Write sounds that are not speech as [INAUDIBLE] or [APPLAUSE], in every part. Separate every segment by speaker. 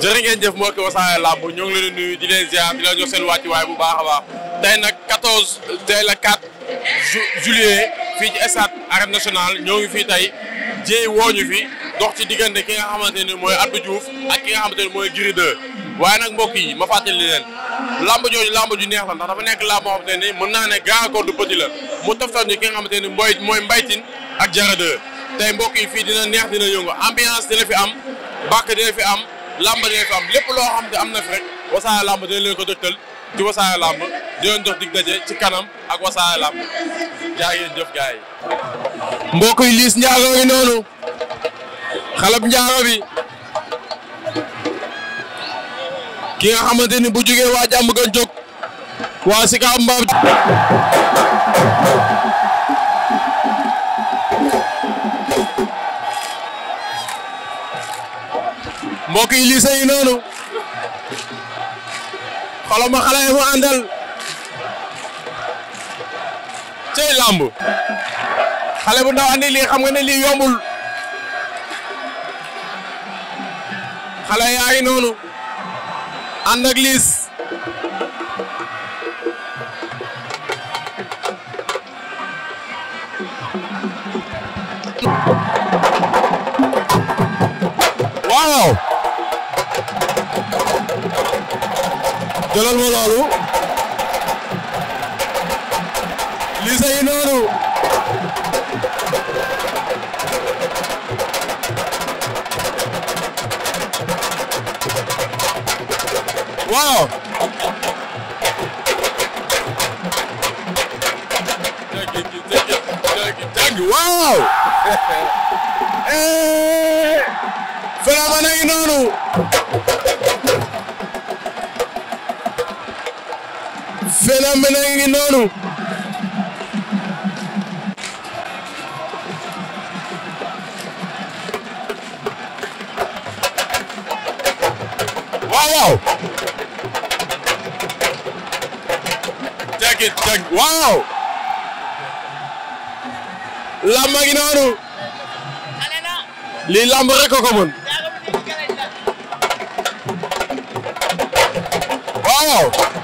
Speaker 1: jërë ngeen jëf mbokki Wassare Lamb ñoo ngi leen di nuyu di leen ziar di leen jox seen wàccuwaay bu baax a baax tey nag 14 tey la 4 juillet fii ci stade arène nationale ñoo ngi fii tey jéey wooñu fi dox ci diggante ki nga xamante ne mooy Abdou Diouf ak ki nga xamante ne mooy Gris 2 waaye nag mbokk yi ma fàttali leen lamb jooju lamb ju neex la ndax dafa nekk lamb boo xamante ne mën naa ne grand corps du petit la mu toftal ñu ki nga xamante ne mooy mooy mbaytin ak jara 2 tey mbokk yi fii dina neex dina yëngu ambiance dina fi am bàkk dina fi am làmb dee fi am lépp loo xam ne am na fi rek wasaare làmb dina leen ko dëkkal ci wasaare làmb di leen dox dig daje ci kanam ak wasaare làmb jaa ngeen jëf gars yi. yi Liss Ndiago ngi noonu xalab Ndiago bi ki nga xamante ni bu jugee waa jàmm gën jóg waa Sika Mbab. mbokk yi lycée yi noonu xoolal ma xale yi mu àndal cey làmb bu ndaw andi lii nga ne lii yombul xale yaa noonu ànd liis
Speaker 2: waaw ma loolu lise waaw
Speaker 1: ee fenaa ma yi noonu
Speaker 2: beneen beneen ngi
Speaker 1: waaw waaw teg it teg waaw làmb ngi
Speaker 2: waaw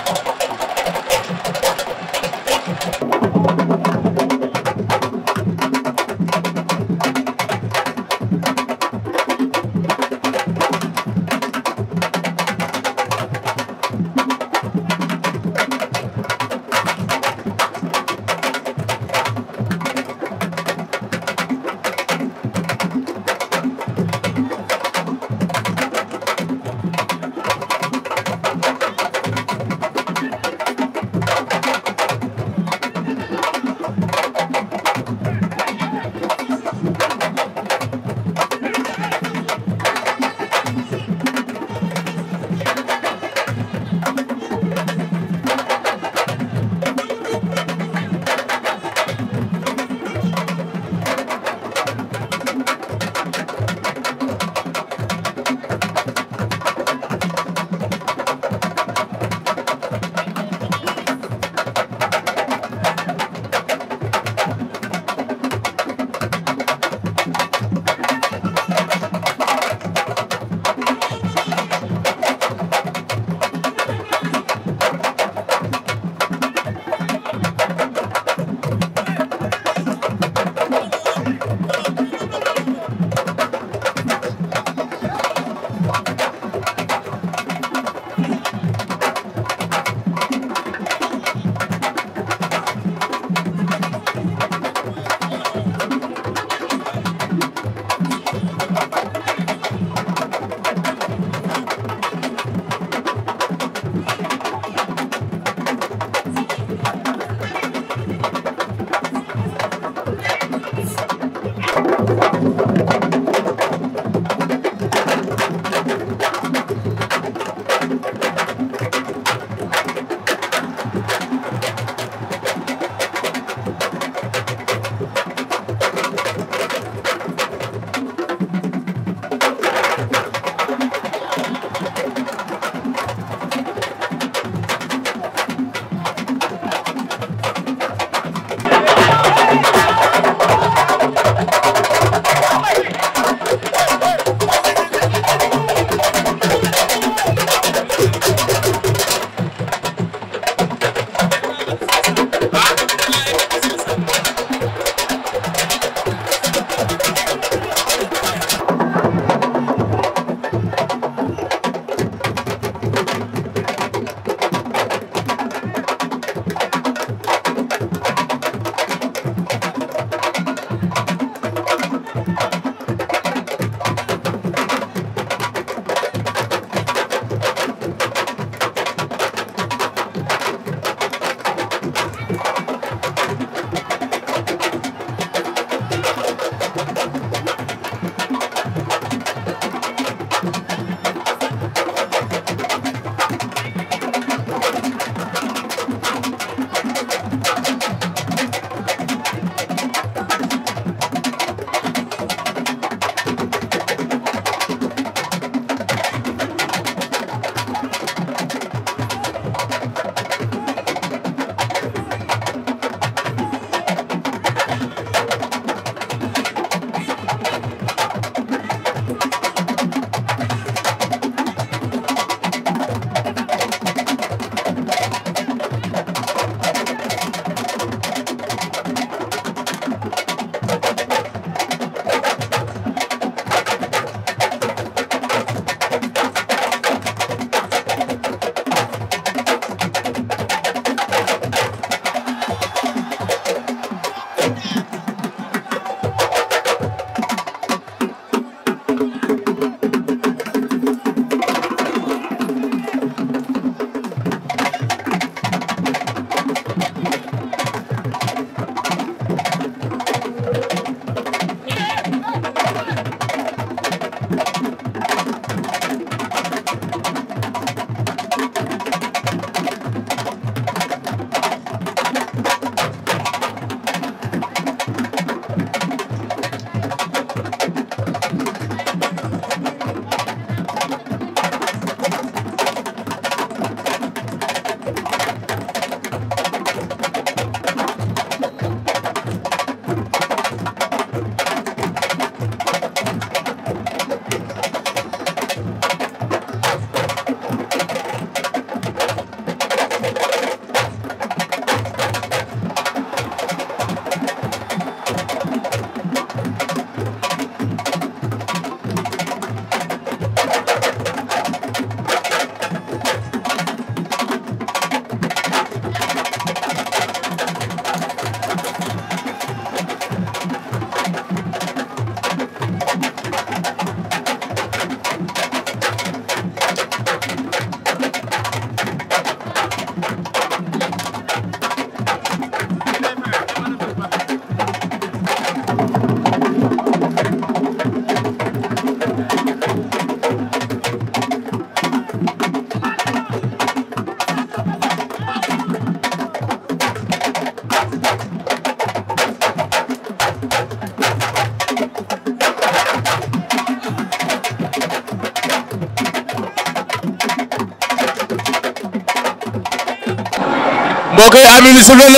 Speaker 1: mbokk yi arbitre bi sifflé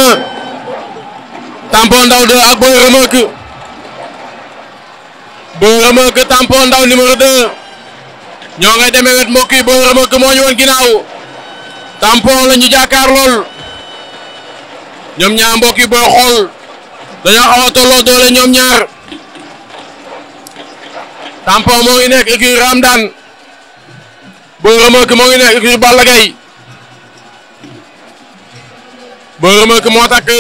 Speaker 1: na ndaw de ak boy remorque boy remorque tampon ndaw numéro 2 ñoo ngay demee wet mbokk yi boy remorque moo ñu woon ginnaaw tampon la ñu jàkkaar lool ñoom ñaar mbokk yi booy xool dañoo xaw doole ñoom ñaar tampon moo ngi nekk Ramdan boy remorque moo ngi nekk écurie booy remarque moo takk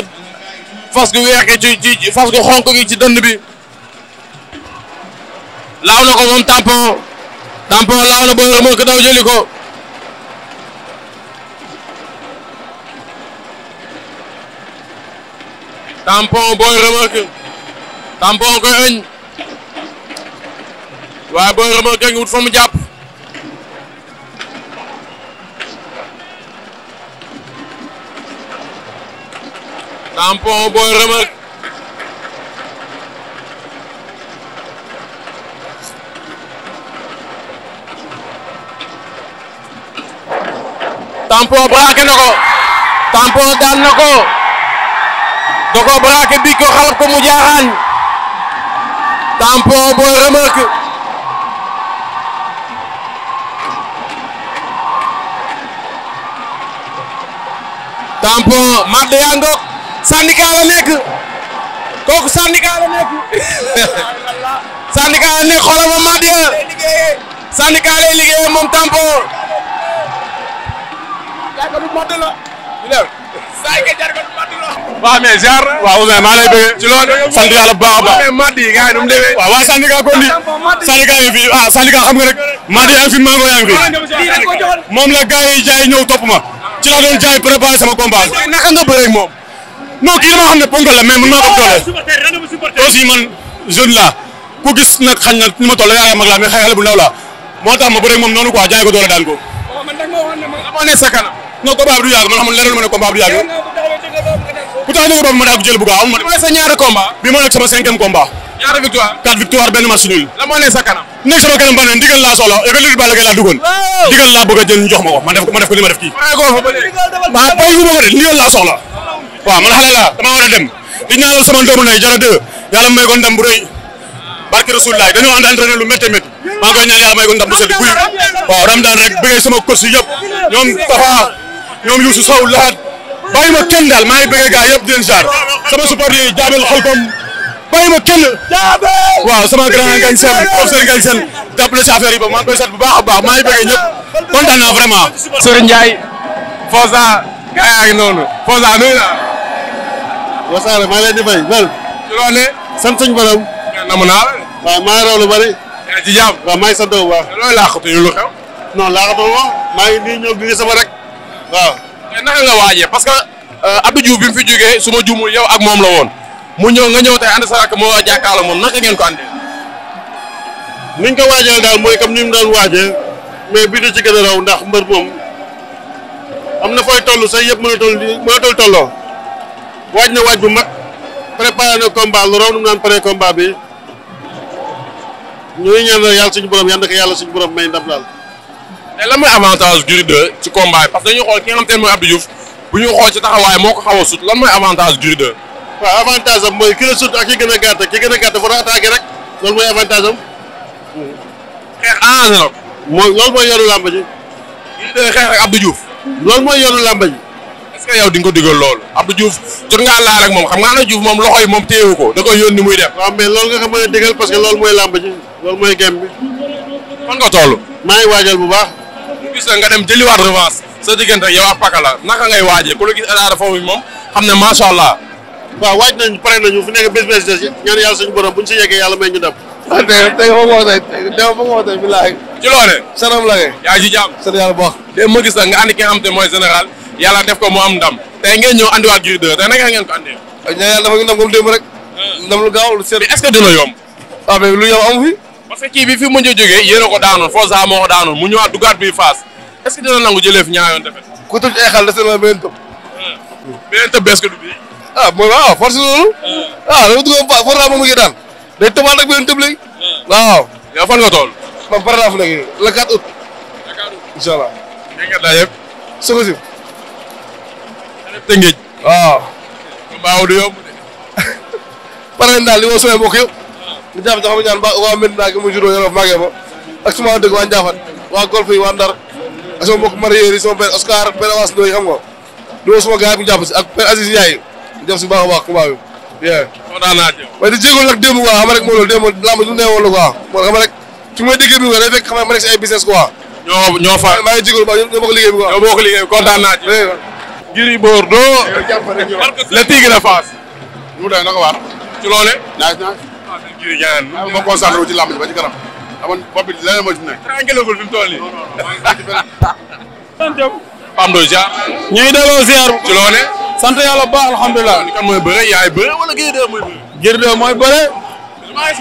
Speaker 1: fas gu weex ci ci fas gu xonk gi ci dënd bi laaw na ko moom tampon tampon laaw na booy daw jëli ko tampon booy remarque tampon ëñ waaye booy remarque ngi wut fa mu jàpp tampon booy remarque tampon braqué na ko tampon daan na ko da ko braqué bi ko xalab ko mu jaaxaan tampon booy remarque tampon mat de yaa ngoog syndicat la nekk kooku syndicat la nekk syndicat [LAUGHS] la nekk xoolal ma maa dee syndicat lay liggéeyee moom tampon. waaw mais ziar. a baax. waaw fi ah syndicat xam nga rek. Madi yaa ngi fi Mango ngi fi. la gars yi jaay ñëw topp ma. ci laa doon jaay sama combat. naka nga bëree ak moom. non kii dama xam ne ponkal la mais mën naa ko doole aussi man jeune la ku gis nag xañ na ni ma toll yaakaar mag laa mais xale bu ndaw laa moo tax ma bëreeg moom noonu quoi jaay ko doole daan ko. waaw oh, man nag moo waxoon ne man amoon sa kanam. non combat bi du yàgg man xam nga leneen ma ne combat bi du yàgg. bu tax dëgg boobu ma daa ko jël bu gaaw. ma ne sa ñaari combat. bi ma nekk sama cinquième combat. ñaari victoire. quatre victoire benn match nul. la moo ne sa kanam. nekk sama kanam ba ne ndigal laa soxla yëgal li Balla Gaye laa duggoon. ndigal laa bëgg a jël ñu jox ma ko ma def ko ma def ko li ma def kii. waaye koo fa ba
Speaker 2: léegi. waaw bàyyi ko ma ko
Speaker 1: de ndigal laa soxla waaw man xale laa war a dem di ñaanal sama doomu nay jara deux yàlla may ko ndam bu rëy barke Rasulullah dañoo ànd entraîné lu métti métti maa ngi koy may ko ndam bu sedd guy waaw rek bëggee sama coach yi yëpp ñoom Tafa ñoom Sow laat bàyyi ma kenn daal maa ngi bëggee gars yëpp di leen jaar sama supporter yi jaabel xolkom bàyyi ma kenn waaw sama grand gañ seen professeur gañ seen jàppale si affaire yi ba maa ngi koy seet bu baax a baax maa ngi bëggee ñëpp vraiment. Serigne Ndiaye Fosa gars yaa ngi wasaare maa leen di fay wel. sant suñu borom. na mu maa ngi raw lu bëri. yaa ci maa ngi sant looy laaxatu ñu lu xew. non laaxatu ma maa ngi nii ñëw di sama rek. waaw. mais naka parce que euh, Abdou Diouf bi fi jógee su ma juumul yow ak moom la woon mu ñëw nga ñëw tey ànd sa rakk moo war a jàkkaarloo ngeen ko àndee. niñ ko waajee daal mooy comme ni mu doon waajee mais bii da ci gën a raw ndax mbër moom am na fooy toll say yëpp mën a toll tolloo waaj na waaj bu mag préparé na combat lu raw nu mu naan pare combat bi ñooñu ñaan la yàlla suñu borom yàlla na ko yàlla suñu borom may ndam daal. mais lan mooy avantage Gris ci combat yi parce que dañuy xool ki nga xam te ne mooy Abdou Diouf bu ñu xool ci taxawaay moo ko xaw a sut lan mooy avantage Gris 2. waaw avantage am mooy ki la sut ak ki gën a gàtt ki gën a gàtt dafa doon rek loolu mooy avantage am. xeex arrangé mooy loolu mooy yoonu làmb ji. Gris xeex ak Abdou que yow di nga ko digal loolu Abdou Diouf jot ngaa laal ak moom xam nga na Diouf moom loxo yi moom téyewu ko da koy yónni muy dem. waaw mais loolu nga xam mën a digal parce que loolu mooy làmb ji loolu mooy gem bi. fan nga toll. maa bu baax. ñu gis nga dem jëliwaat revanche sa diggante ak yow ak naka ngay waajee ku la gis Ada foofu moom xam ne macha allah. waaw si yeggee yàlla may ñu dem. ah tey tey foo ko wootee tey foo ko yaa ngi ci jàmm. bu baax. de ma yàlla def ko mu am ndam tey ngeen ñëw andiwaat Gris 2 tey naka ngeen ko andee. ñu ne yàlla rek. Ah. ndam lu gaaw lu seet. est que dina yomb. ah mais lu yomb amu fi. parce que kii fi mu mujj a jógee ko daanoon Forza moo ko daanoon mu ñëwaat dugaat bi Fass est-ce que dina nangu jëlee fi ñaari yoon defet. ku tëj na beneen tëb. Ah. beneen tëb bees ah, waaw force fa Forza fan nga toll. man pare laa fi nekk allah. dégg nga tëngeej waaw mbaaw du yomb [LAUGHS] pare leen daal li woo sumee bokk yëpp mu juróo yorof maagee waa Njaafat waa golf yi waa Ndar ak sama mbokk mariér yi sama père Oscar père Awas Ndoye xam li woo suma gars yi mu jàpp si ak père Aziz Ndiaye ñu def si baax a baax combat bi bien mais di jéegoon nag démb rek moo loolu démb lamb ñu neewoon la quoi ma déggee bi quoi ma nekk si bi quoi ñoo bokk liggéey Gris Bordeaux. le tigre de Fass. nu mu demee naka waar. ci loolee. naaj naaj. waaw ah, sëñ Gris ñaareel. Ah, waaw ma concentré wu ci làmb ji ba ci kanam. amoon bopp it leneen moo ci nekk. tranquillagul fi mu toll nii. non non Pam Doy ziar. ñu ngi delloo ziar. ci loolee. sant yàlla bu mooy bëre yaay bëre wala Gris mooy bëre. Gris Bordeaux mooy bëre. maa ngi gis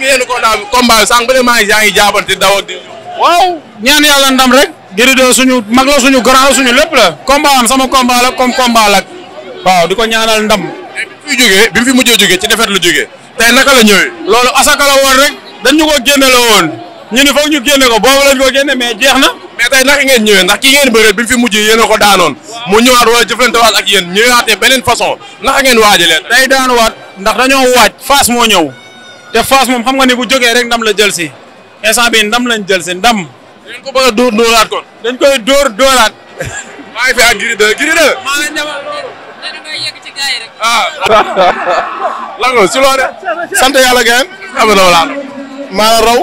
Speaker 1: nga yéen di. waaw ñaan yàlla ndam rek. Gris 2 suñu mag la suñu grand suñu lépp la combat am sama combat la comme combat la waaw di ko ñaanal ndam. bi mu fi jógee bi fi mujjee jógee ci defet lu jógee. tey naka la ñëwee. loolu asaka la woon rek dañ ñu ko génne woon ñu ni foog ñu génne ko boobu lañ ko génne mais jeex na. mais tey naka ngeen ñëwee ndax ki ngeen bëreel bi fi mujjee yéen a ko daanoon mu ñëwaat wala jëflantewaat ak yéen ñëwaatee beneen façon naka ngeen waajalee. day daanuwaat ndax dañoo waaj Fass moo ñëw te Fass moom xam nga ni bu jógee rek ndam la jël si instant bi ndam lañ jël si ndam dañ ko bëgg a dóor dañ koy dóor dóoraat. maa ngi fi ak Gris 2 Gris si ah. loo
Speaker 2: de. sant yàlla gën. am na wala. maa la raw.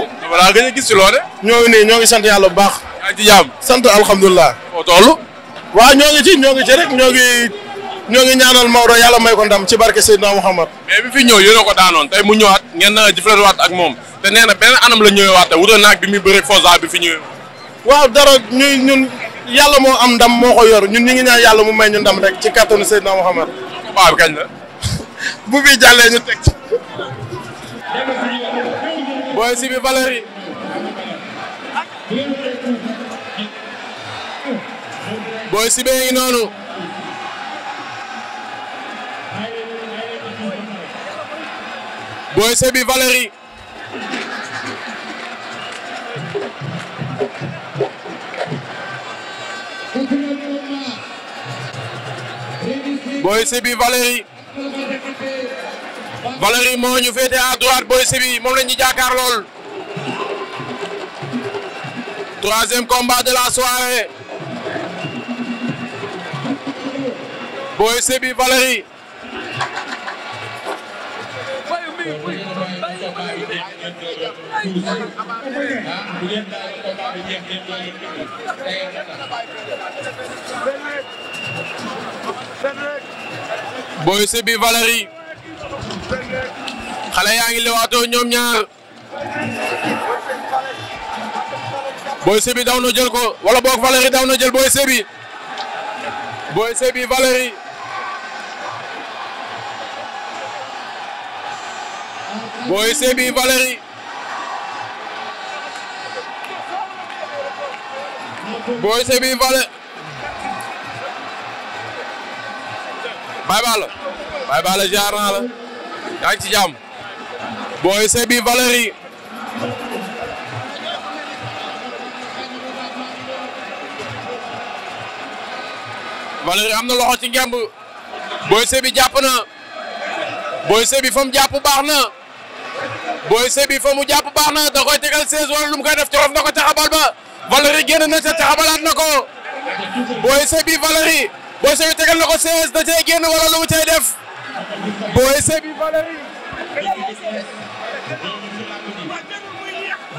Speaker 2: dama a gis si loo de.
Speaker 1: ñoo ngi nii ñoo ngi sant yàlla bu baax. yaa ngi ci sant alhamdulilah. foo toll. waaw ñoo ngi ci ñoo ngi ci rek ñoo ngi ñoo ngi ñaanal Maodo yàlla may ko ndam ci barke Seydina Mouhamad. mais bi fi ñëw yéen a ko daanoon tey mu ñëwaat ngeen jëflantewaat ak moom te nee na benn anam la waat te wutoon naag bi muy bëre Forza bi fi ñëwee. waaw dara ñuy ñun yàlla moo am ndam moo ko ñun ñu ngi ñaan yàlla mu may ñu ndam rek ci kàttanu Seydina Mouhamed. waaw kañ la. [LAUGHS] bu bi jàllee ñu teg booy si bi Valérie. booy si bee noonu. booy si bi Valérie. Boy Sébi Valérie Valérie moo ñu féete à droite Boy Sébi moom la ñu jàkkaar lool de la soirée Boy Sébi Boy Sey bi Valérie xale yaa ngi lewaatoo ñoom ñaar Boy Sey bi daw na jël ko wala boog Valérie daw na jël Boy Sey bi Boy Sey bi Valérie Boy Sey bi Boy Sey bi Baye Balla Baye Balla jaar naa la yaa ci jàmm booy see bi Valérie am na loxo ci ngemb booy sebi jàpp na booy see bi fa mu jàpp baax na booy see bi mu jàpp baax na da koy tegal 16 wala lu mu koy def corof na ko taxabal ba Valérie génn na ca taxabalaat na ko booy see bi Boy Seye bi na ko 16 da cee génn wala lu def Boy Seye bi Valérie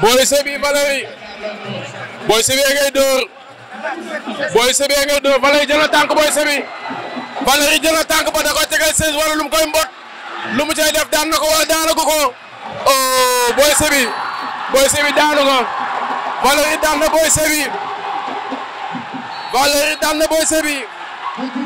Speaker 1: Boy Seye bi Valérie Boy Seye bi ngay dóor Boy Seye bi ngay dóor Valérie jël na tànk Boy Seye bi Valérie jël na tànk ba ko wala daanu ko ko oh Boy Thank you.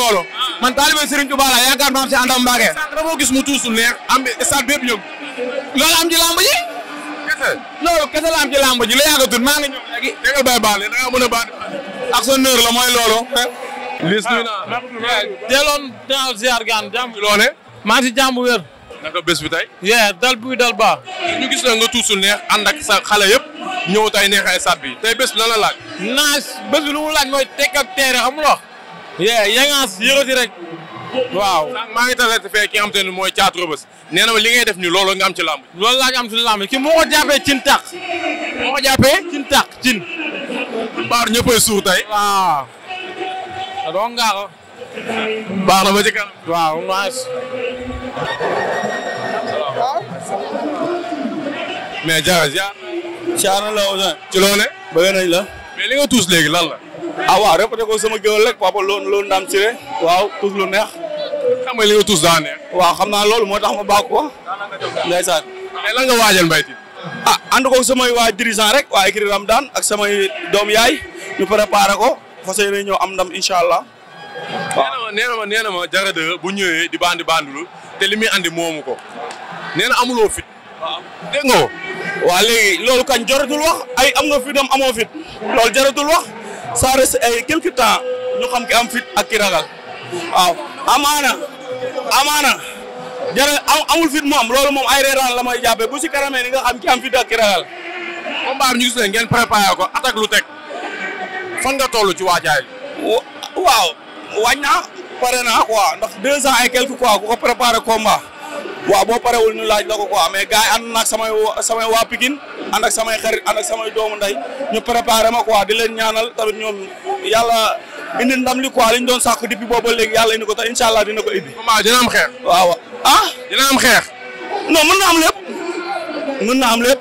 Speaker 1: loolu man taalibe Serigne Touba la yaakaar maam si àndam Mbacke dama gis mu tuusul neex am stade bépp ñëw loolu am ci lamb kese loolu kese la am ci lamb maa ngi ñëw léegi dégal bay baale da nga mën a baat ak sa nër la mooy loolu lis nuyu ah, eh, naa deeloon daaw ziar gaan jàmm loole bi tey yee dal buy dal baax ñu gis la nga tuusul neex ànd ak sa xale yëpp ñëw tey neexee stade bi tey bi lan la laaj naas bés bi lu mu laaj mooy tekk ak xam nga yee yangaas yërëti rek waaw maa ngi tase fee ki nga xam te ne mooy Thiatou Rebeus nee na ma li ngay def nii loolu nga am ci làmb loolu laa am ci làmb ki moo ko jàppee cin tàq moo ko jàppee cin tàq cin baar ñëppay suur tey waaw a doon ngaaro baax na ba ci kanam waaw nice mais jaara jaar caara la ci loone bëgg nañ la mais li nga tuus léegi lan la ah waaw répété ko sama géwél rek papa loolu loolu ndam ci waaw tuus lu neex. xam nga li nga tuus daa neex.
Speaker 3: waaw xam naa loolu moo tax ma bàkk ko. ndeysaan. mais lan nga waajal Mbaye Tine. a ah, and ko samay waa dirigeant rek waa écurie Ramdan ak samay doom yaay ñu préparé ko fas yéene ñëw am ndam incha allah.
Speaker 1: waaw nee na ma nee na ma Diarra 2 bu ñëwee di bandi bandulu te li muy andi moomu ko nee na amuloo fit. waaw waa léegi
Speaker 3: loolu kañ jaratul wax ay am nga fi dem amoo fit loolu jaratul wax. ça reste ay eh, quelque temps ñu xam ki am fit ak ki ragal waaw amaana amaana jërë amul fit moom loolu moom ay reeraan la may jàppee bu si karamee ni ga xam ki am fit ak ki ragal.
Speaker 1: combat bi ñu gis ngeen préparé ko attaque lu teg fan nga toll ci waajaay
Speaker 3: waaw wañ naa pare naa quoi ndax deux ans et ku ko préparé combat. waaw boo parewul ñu laaj la ko quoi mais gars yi ànd naag samay samay waa Pikine ànd ak samay xarit ànd ak samay doomu ndey ñu préparé ma quoi di leen ñaanal tamit ñoom yàlla indi ndam li quoi li doon sàkku depuis boobu ba léegi yàlla indi ko te incha allah dina ko indi. waaw dina am xeex. waaw ah. dina am xeex. non mën na am la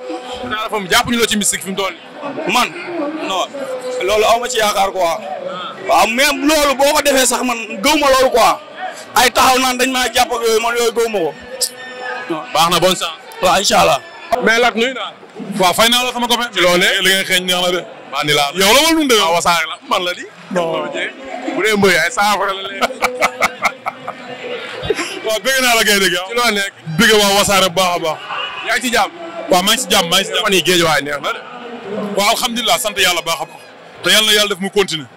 Speaker 3: fa mu jàppuñu la ci mystique fi mu man non loolu aw ma ci yaakaar quoi. Ah. waaw mais loolu boo ko defee sax man gëw ma loolu quoi. ay taxaw naan dañ maa jàpp yooyu man yooyu góobu ma baax na bon sang. waaw incha allah. mais lak nuyu naa. waaw
Speaker 1: fay naa la sama copain. ci loolee li xeeñ neex na de. maa ni laa yow la ah, wasaare la man la di. non bu ay saafara la leen. [LAUGHS] waaw ah. waa wasaare baax a baax. yaa ngi ci maa ci jàmm maa ci jàmm. fan yii géej waay neex na de. waaw alhamdulilah sant yàlla baax a baax. te yàlla na yàlla def mu continuer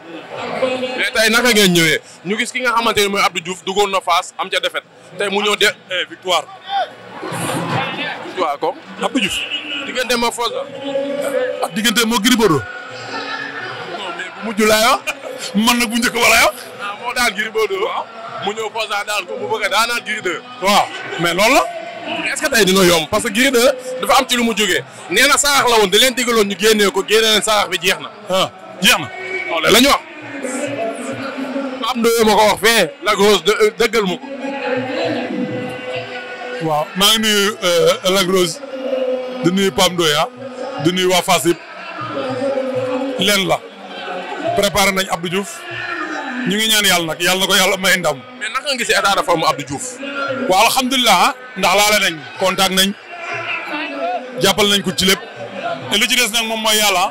Speaker 1: mais tey naka ngeen ñëwee ñu gis ki nga xamante ne mooy Abdou Diouf duggoon na Fass am ca defet tey mu ñëw de eh, victoire. victoire ko Abdou Diouf. diggante ma Forza. ak ah, diggante moo Gris Bordeaux. non mais bu mujj bu njëkk wala yor. ah moo daal Gris Bordeaux. waaw mu ñëw Forza daal ko bu bëgg daanaat Gris waaw mais loolu la. est-ce que tey dina yomb parce que Gris 2 dafa am ci lu mu jógee nee na sarax la woon da leen digaloon ñu génnee ko génne sarax bi jeex na. Ah, jeex na loolu la am doyoo moo ko wax fee Lac Rose euh, dëggal ma waaw maa ngi nuyu euh, Lac Rose di nuyu Pam Ndoya di nuyu waa leen la préparé nañ Abdou juuf ñu ngi ñaan yàlla nag yàlla na ko yàlla may ndam. mais naka nga gisee état de forme Abdou Diouf. waaw alhamdulilah ah, ndax laale nañ contact nañ jàppal nañ ko ci lépp te li ci des nag moom mooy yàlla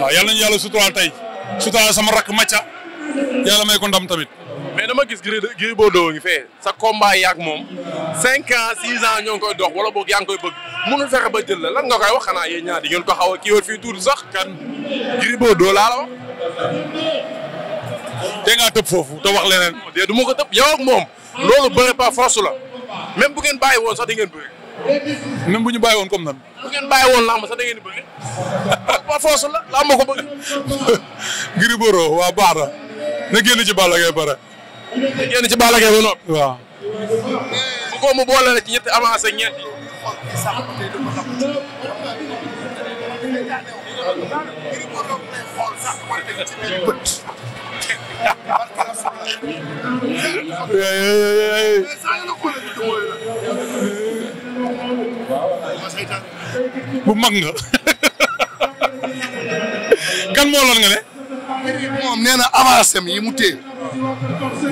Speaker 1: waaw yàlla nañu yàlla suturaal tey suturaal sama rakk Macha. yàlla may ko ndam tamit. mais dama gis Gris Bordeaux ngi fee sa combat yaak moom cinq ans six ans ñoo ngi koy dox wala boog yaa koy bëgg mënul fexe ba jël la lan nga koy wax xanaa yéen ñaar ko xaw a kii wër fii tuuti sax kan Gris Bordeaux laa la wax. te ngaa tëb foofu te wax leneen. de du ma ko tëb yow ak moom loolu bëre par force la même bu ngeen bàyyi woon sax di ngeen bëri. bu ñu bàyyi woon comme nan. bu ngeen bàyyi woon làmb sax da ngeen [LAUGHS] par force la làmb ko bëgg. na génn ci Balla Gaye pare. na génn ci Balla Gaye ba noppi. waaw. bu ko mu boole la ci ñetti avancé ak ñetti. bu mag nga. [LAUGHS] kan moo loon nga ne. moom nee na avance am yi mu téye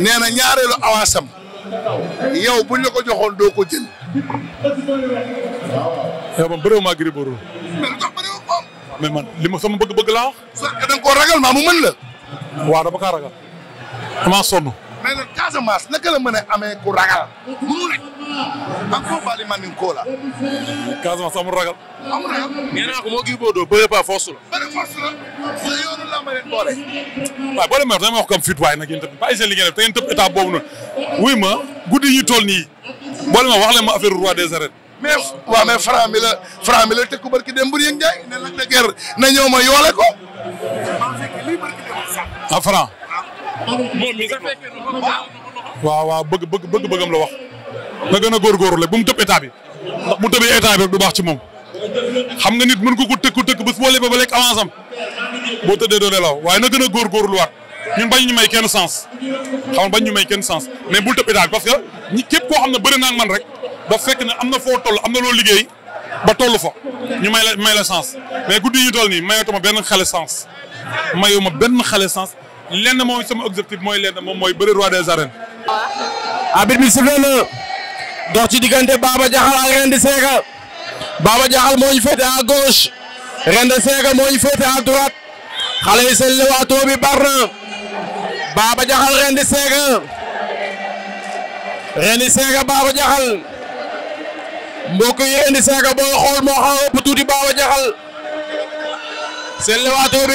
Speaker 2: nee na ñaareelu
Speaker 1: avance am yow buñ la ko joxoon doo ko jël. yow man bëriwuma Gris Bordeaux. mais lu tax bëriwul li ma sama bëgg-bëgg laa wax. sax da nga koo ragal maa mu mën la. waaw dama kaa ragal. damaa sonn. mais nag Casamance naka la mën amee ku ragal. mënu rek en tout cas li man Casamance amul ragal. amul ragal. moo Gris Bordeaux bëree pas force la.
Speaker 2: bëri force la. sa yoonu làmb leen boole.
Speaker 1: waaw wax dama wax comme te boobu noonu. wuy ma guddi yi ñu nii. boo demee wax leen roi des arènes. mais waaw mais Franc mi la Franc mi la tëkku barki dem Mbir yeeg ne la na gerte yoole ko. ah Franc.
Speaker 3: moom mi sax
Speaker 1: waaw waaw bëgg bëgg bëgg bëggam la wax. na gën a góorgóorlu rek bu mu tëb état bi bu tëbee état bi rek du baax ci moom xam nga nit mën ko ko tëkku tëkk bés boo lebee ba lekk avance am boo tëddee doo nelaw waaye na gën a góorgóorluwaat ñun bañ ñu may kenn sens xam nga bañ ñu may kenn sens mais bu tëb état bi que ñi képp koo xam na bëri naa man rek ba fekk ne am na foo toll am na loo liggéey ba toll fa ñu may la may la sens mais guddi ñu toll nii mayatuma benn xale sens mayuma benn xale sens lenn mooy sama objectif mooy lenn moom mooy bëri dox ci diggante Baba Diakhal ak René Séga Baba Diakhal moo ñu féete à gauche René Séga moo ñu féete à droite xale yi seen lewaatoo bi bar na Baba Diakhal René Séga René Séga Baba Diakhal mbokk xool moo xaw a ëpp tuuti Baba Diakhal seen lewaatoo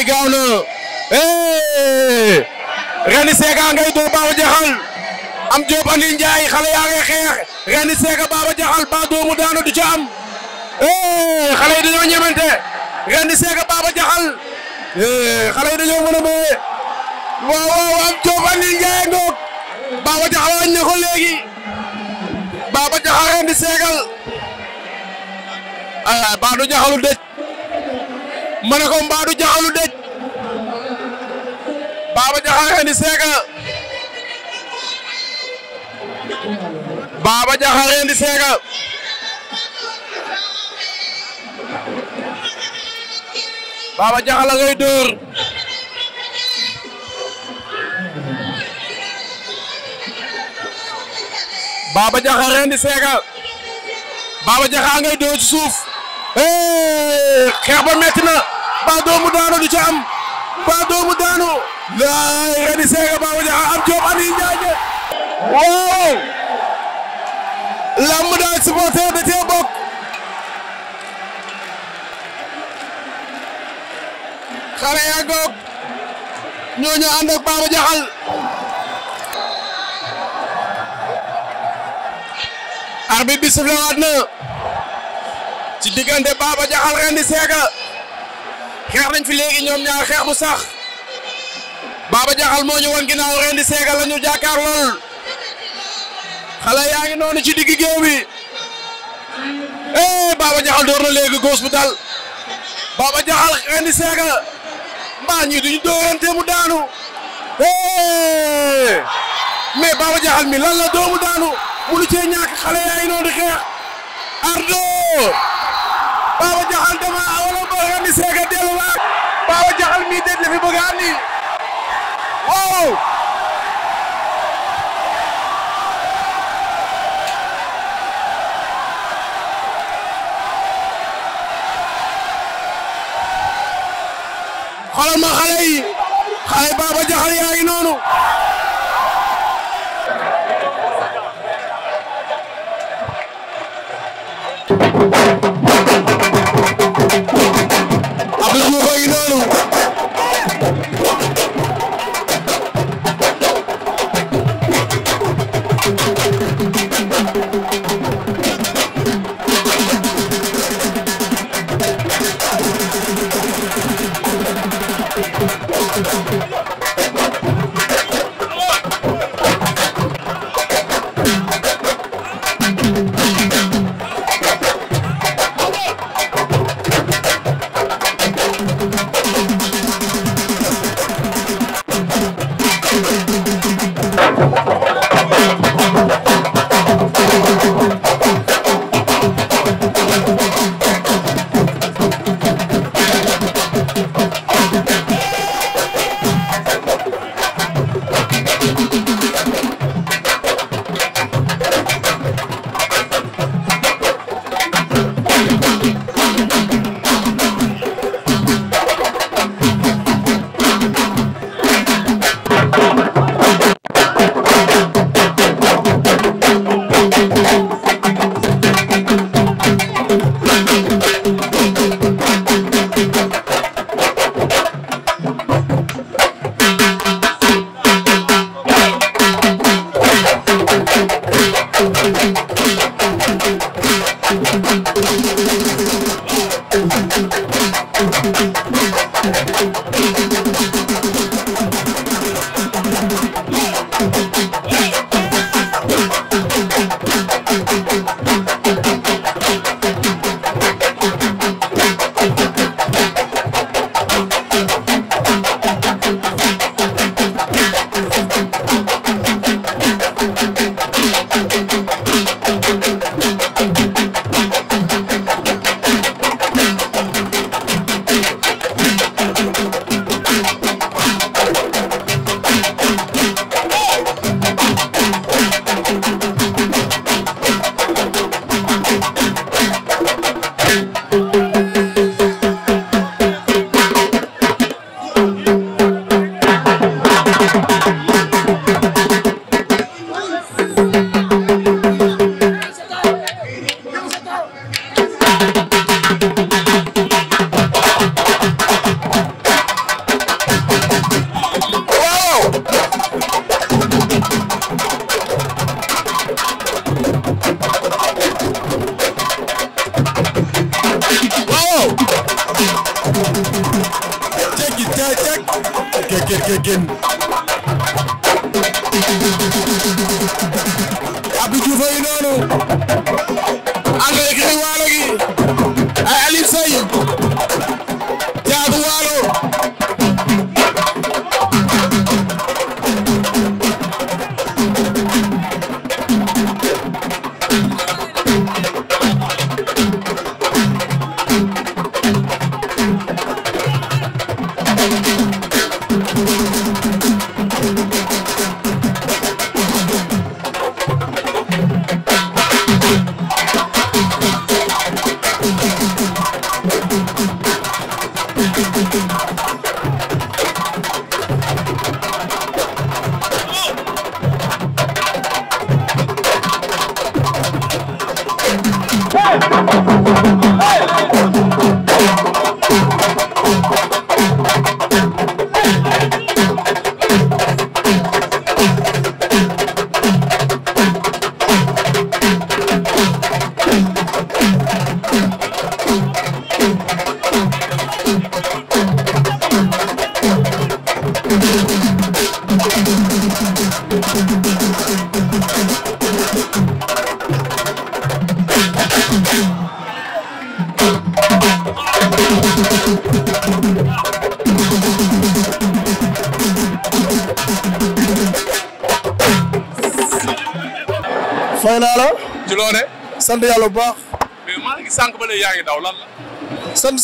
Speaker 1: Reni Secka ngay dóor Baba Diakhal am Diop andi Ndiaye xale yaa xeex Reni Secka Baba Diakhal ba doomu daanu du ca am xale yi dañoo ñemante Reni Secka Baba Diakhal xale yi dañoo mën a bëre waaw waaw am Diop andi Ndiaye ngoog Baba Diakhal wañ na ko léegi Baba Diakhal Reni Seckal ay ah, Baba Diakhalu dëj ma ne ko Baba Baba Diakhar Henry Séga Baba Diakhar Henry Séga Baba Diakhar la ngay dóor Baba Diakhar Henry Séga Baba Diakhar ngay dóor ci suuf xeex ba metti na ba doomu daanu du ci am ba doomu daanu laay Ady Seye Baba Diakhar am Diop Amy Ndiaye waaw lamb daal supporter da cee bokk yaa goog ñooñu ànd ak Baba Diakhar arbitre bi waat na ci diggante Baba Diakhar Ady Seye xeex nañ fi léegi ñoom ñaar xeex bu sax Baba Jaxal moo ñu woon ginnaaw ren di ñu jàkkaar lool xale yaa ci digg géew bi eh Jaxal door na léegi góos bu Jaxal ren di mbaa ñii duñu doorante daanu eh mais Baba Jaxal mi lan doomu daanu munu cee ñàkk xale yaa ngi ardo Baba Jaxal dama
Speaker 2: wala ba ren di seegal delluwaat Jaxal mii déet la fi a Oh!
Speaker 1: xoolal ma xale yi xale Baba Diakhal yaa ngi noonu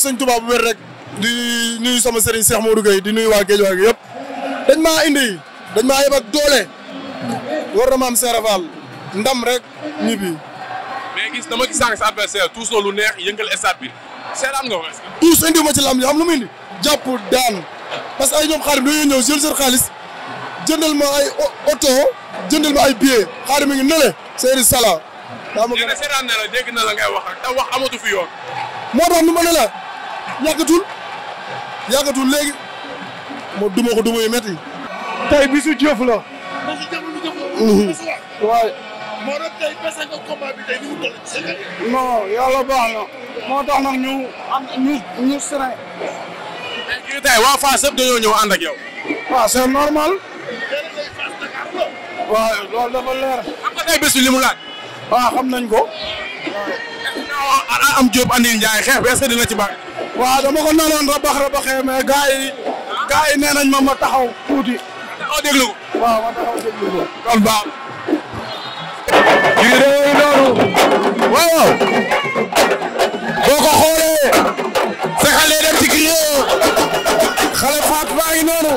Speaker 1: sëñ Tuubaa bu wér rek di nuyu sama sëriñ Cheikh Modou Gueye di nuy waa Guédiawaye gi yëpp dañ maa indi dañ maa yeb ak doole war na ma am seerafaal ndam rek ñibbi. gis dama gis sa adversaire tuus na neex yëngal stade bi seetaan nga ko est-ce que. tuus indi ma ci lam yi xam indi. jàpp daan parce que ay ñoom xaarim dañuy ñëw jël seen xaalis jëndal ma ay oto jëndal ma ay billet xaarim mi ngi nële Seydou Salah. ma gën a na la ngay wax rek te fi yoon. moo tax nu ma yàggatul yàggatul léegi ma duma ko duma yu métti. tey
Speaker 3: bisu jëf la.
Speaker 1: bisu mhm. baax na. moo tax nag ñu am tey waa Fass yëpp dañoo ñëw ànd ak c'est normal. waaw loolu dafa leer. xam tey bés bi li waaw ah, xam nañ ko. am Diop andi Ndiaye xeex bi est-ce que dina ci baax. waaw dama ko naroon rabax rabaxee mais gars nee nañ ma ma taxaw tuuti. taxaw oh, déglu ko. waaw ma taxaw déglu ko. kon baax. lii réew
Speaker 2: noonu. waaw. boo
Speaker 1: ci kii xale Fatou baa ngi noonu.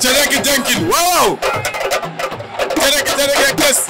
Speaker 1: Cereke Jenkins waaw cereke cereke kes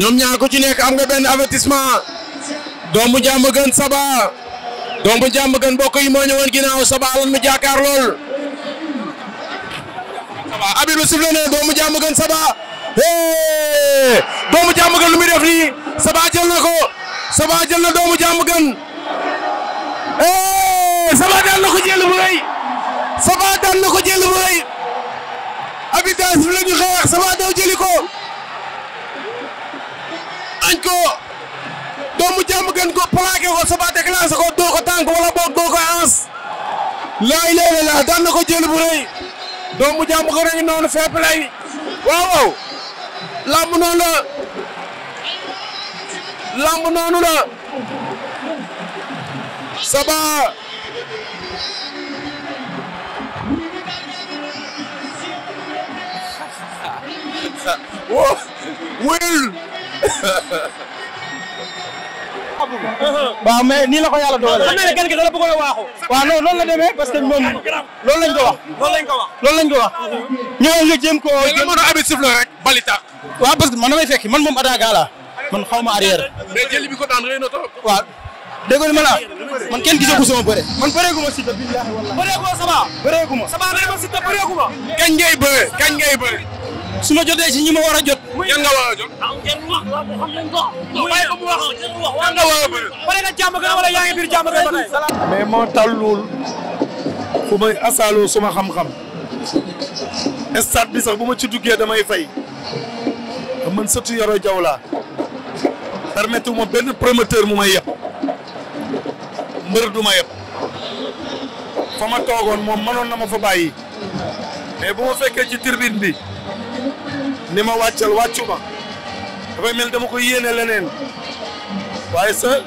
Speaker 3: ñoom ñaar ku ci nekk am nga benn
Speaker 1: avertissement doomu jàmm Saba doomu jàmm gën yi moo ñëwoon Saba lan mu jaakaar lool. Saba Habibou sifle na doomu jàmm gën Saba doomu jàmm gën lu muy def nii Saba jël na ko Saba jël na doomu jàmm gën Saba daan na ko jël bu rëy Saba daan na ko jël bu rëy Habibou sifle ñu xeex Saba daw jëli ko. gaañ ko doomu jàmm gën ko plaqué Saba déclenché ko doo ko tànk wala boog doo ko ans laay la daan na ko jël bu doomu jàmm gën noonu fair play waaw la lamb noonu la
Speaker 2: [LAUGHS]
Speaker 3: waaw mais nii la ko yàlla doole. xam naa ne kenn ki dala bëggoon a waaxu. waaw non la demee parce que moom
Speaker 1: loolu lañ ko wax. loolu lañ ko ko wax.
Speaker 2: Mhm.
Speaker 1: ñooñu nga jéem koo. mais lan moo rek bali tax. waaw parce que man man moom attaque man xaw ma arrière. mais jëli bi man kenn gisagu sama
Speaker 3: bëre. man bëreegu ma Siteu billahi wallahi. bëreegu ma Saba. bëreegu ma Saba ma Siteu bëreegu ma. su ma jotee si ñi ma war a jot. yan nga war a jot.
Speaker 2: Ah, yan nga war a bëri.
Speaker 3: pare nga jàmm gën wala yaa ngi biir jàmm gën ba tey. mais moo tallul fu may asaaloo suma xam-xam stade bi sax bu ma ci duggee damay fay man sëtu Yoro Jaw laa permettre ma benn promoteur mu may yeb mbër du ma yeb fa ma toogoon moom mënoon na ma fa bàyyi mais bu ma fekkee ci tribune bi.
Speaker 1: ni ma wàccal wàccu ma dafay mel dama ko yéene leneen waaye sa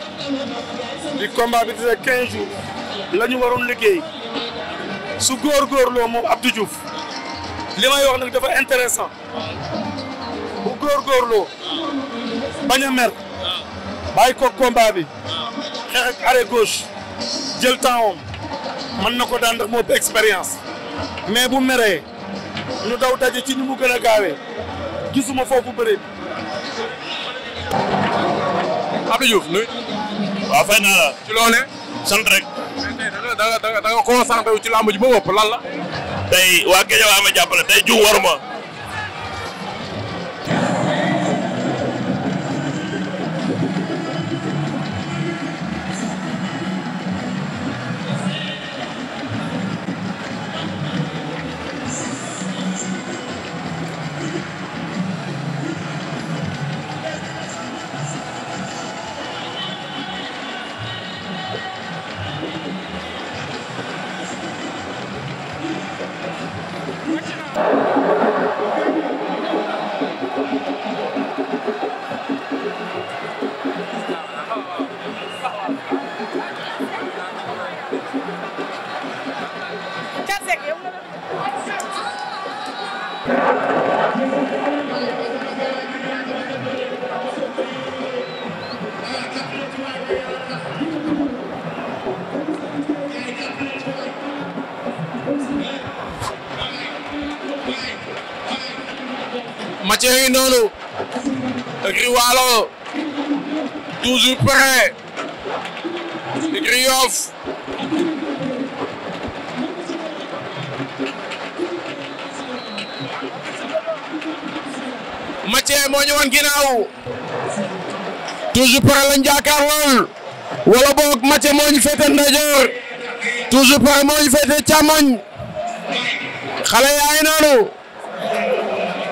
Speaker 1: di combat bi dina 15 jours la ñu waroon
Speaker 3: liggéey su góor góorgóorloo moom Abdou Diouf li may wax nag dafa intéressant bu góor bañ a mer bàyyi ko combat bi xeex ak arrêt jël temps am mën na ko daan ndax moo expérience mais bu meree. ñu daw daje ci ñu mu gën a gaawee gisuma foofu bëre bi.
Speaker 1: Abdou Diouf nuyu. fay naa ci loolee. sant rek. da nga da nga da nga concentré wu ci làmb ji ba ëpp lan la. tey waa Guèye waa ma jàppale tey ju waruma. match yi noonu écurie Waalo toujours prêt écurie Yoff Baldé moo ñu wan ginnaaw toujours boog Mathieu moo ñu féete ndeyjoor toujours pare moo ñu xale yaa ngi noonu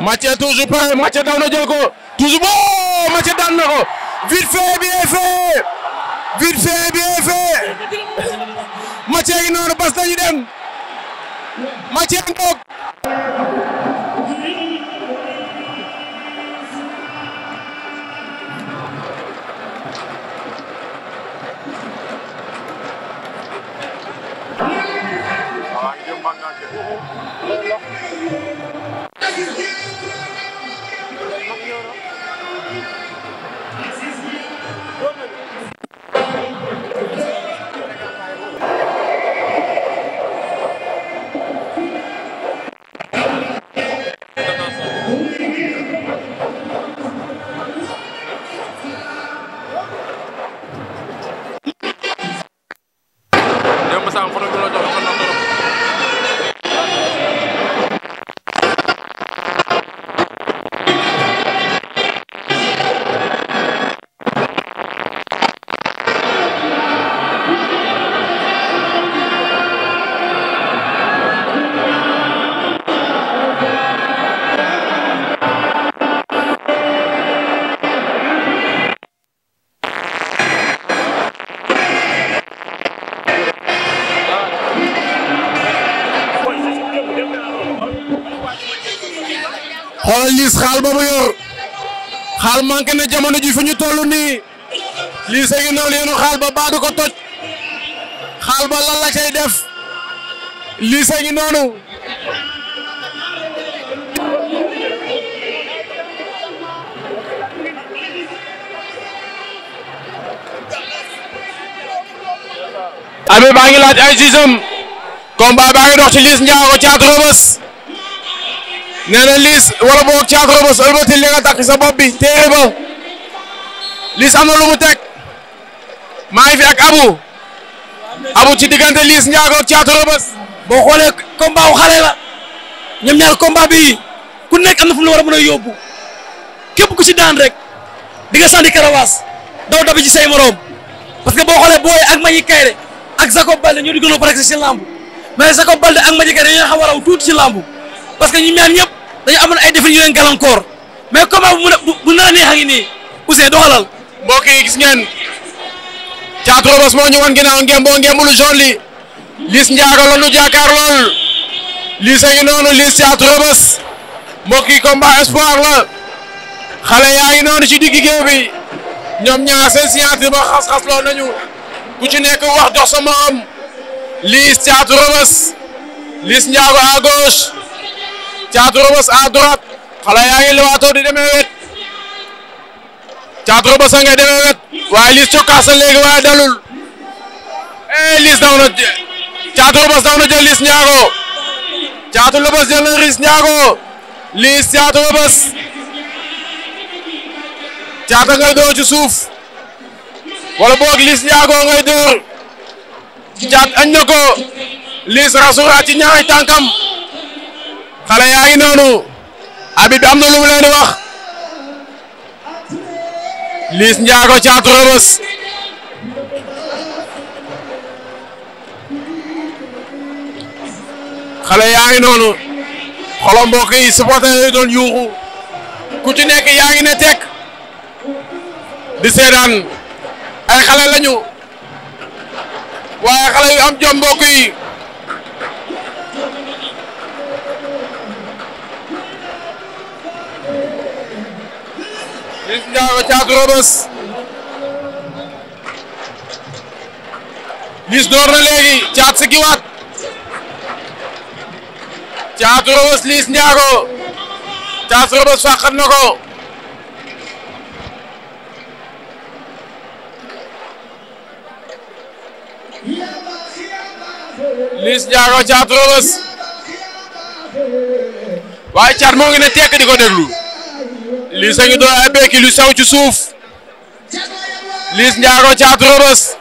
Speaker 1: Mathieu toujours pare Mathieu na jël ko boo oh, Mathieu daan na ko vite fait bien fait vite fait bien fait Mathieu ngi noonu bas nañu dem jamono ji fu ñu toll nii lii sa ngi noonu yenu xaal ba baadu ko toj xaal ba lan la cay def lii sa ngi noonu abi baa ngi boog Thiatou Rebeuss ëlbatil li nga takk sa bopp ba Liss am na lu mu teg maa ngi fi ak Abu Abu ci diggante Liss Ndiago
Speaker 3: ak Thiatou Rebeus boo xoolee combat wu xale la ñoom ñaar combat bi ku nekk am na fu mu la war a mën a yóbbu képp ku ci daan rek di nga sànni karawaas daw dabi ci say moroom parce que boo xoolee booy ak Mañi Kayre ak Jacob Balde ñoo di gën a pare ci lamb mais Jacob Balde ak Mañi Kayre ñoo xam war a tuuti ci lamb parce que ñu ñaar ñëpp dañu amoon ay défis yu leen gàllankoor mais combat bu bu nar a neex a ngi mbokk yi
Speaker 1: gis ngeen Thiatou Rebeuss moo ñu wan ginnaaw ngeen boo ngeen mulu jaune li Liss Ndiago la ñu jàkkaar lool Liss a ngi noonu Liss Thiatou Rebeuss mbokk yi combat espoir la xale yaa noonu ci digg géew ñoom ñaar seen signature ba xas-xas loo nañu ku ci nekk wax jox sa morom Liss Thiatou Rebeuss Liss Ndiago à gauche Thiatou Rebeuss à di demee Caatu Robassa ngay demee waaye Liss cokkaas na waaye dalul eh Liss daw na Caatu Robassa daw na jël Liss Ndiago Caatu Robassa jël na ngay door ci suuf wala boog Liss Ndiago ngay door Caatu añ na ko Liss ci ñaari tànkam xale yaa ngi noonu abit bi na lu mu wax. Liss Ndiago Thiatou Rebeus xale yaa noonu xolom mbokk doon yuuxu ku ci nekk yaa ngi ne tek di seedaan ay xale lañu waaye xale yu am Liss Ndiago Thiatou Rebeuss Liss door na léegi Thiat si giwaat Thiatou na ko Liss Ndiago Thiatou Rebeuss waaye Thiat moo ngi ne tekk di ko déglu Liss a ngi doon ci suuf Liss Ndiago Thiatou Rebeuss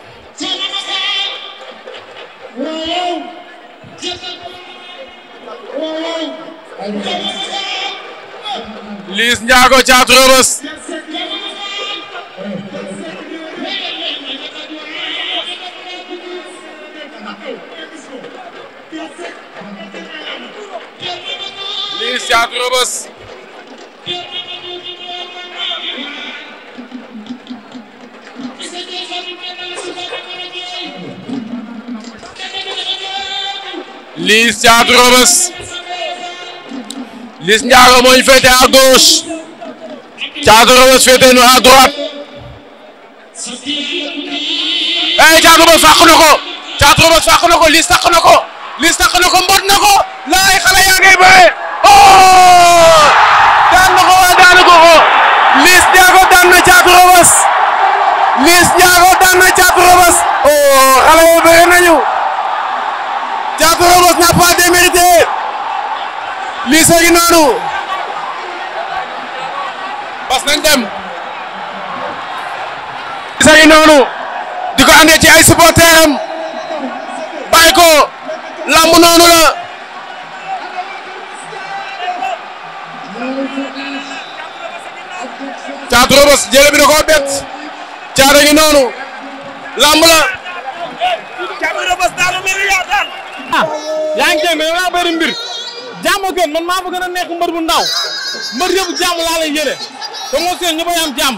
Speaker 1: Liss Liss Thiatou Rebeuss Liss Ndiago mooy féete à gauche Thiatou Rebeuss féete nu à droite eh Thiatou Rebeuss fàq na ko Thiatou Rebeuss fàq na ko Liss tàq na ko Liss tàq na ko mbot na ko laay xale yaa ngay bëre oh daan na ko wala daanu ko ko Liss Ndiago daan na Thiatou Rebeuss Liss Ndiago daan na Thiatou Rebeuss oh xale yi bëre nañu. Thiatou Rebeus n'a pas démérité lii segi noonu bas nañ dem lii noonu di ko andee ci ay supporters am bàyyi ko lamb noonu la Thiatou Rebeus jële bi da koo bett Thiatou ngi noonu lamb la Thiatou Rebeus daanu milliard Ah, yaa ngi dégg yow yaa bëri mbir jàmm man maa fa gën a nekk mbër bu ndaw mbër yëpp jàmm laa lay yële te moo seen ñu bañ am jàmm.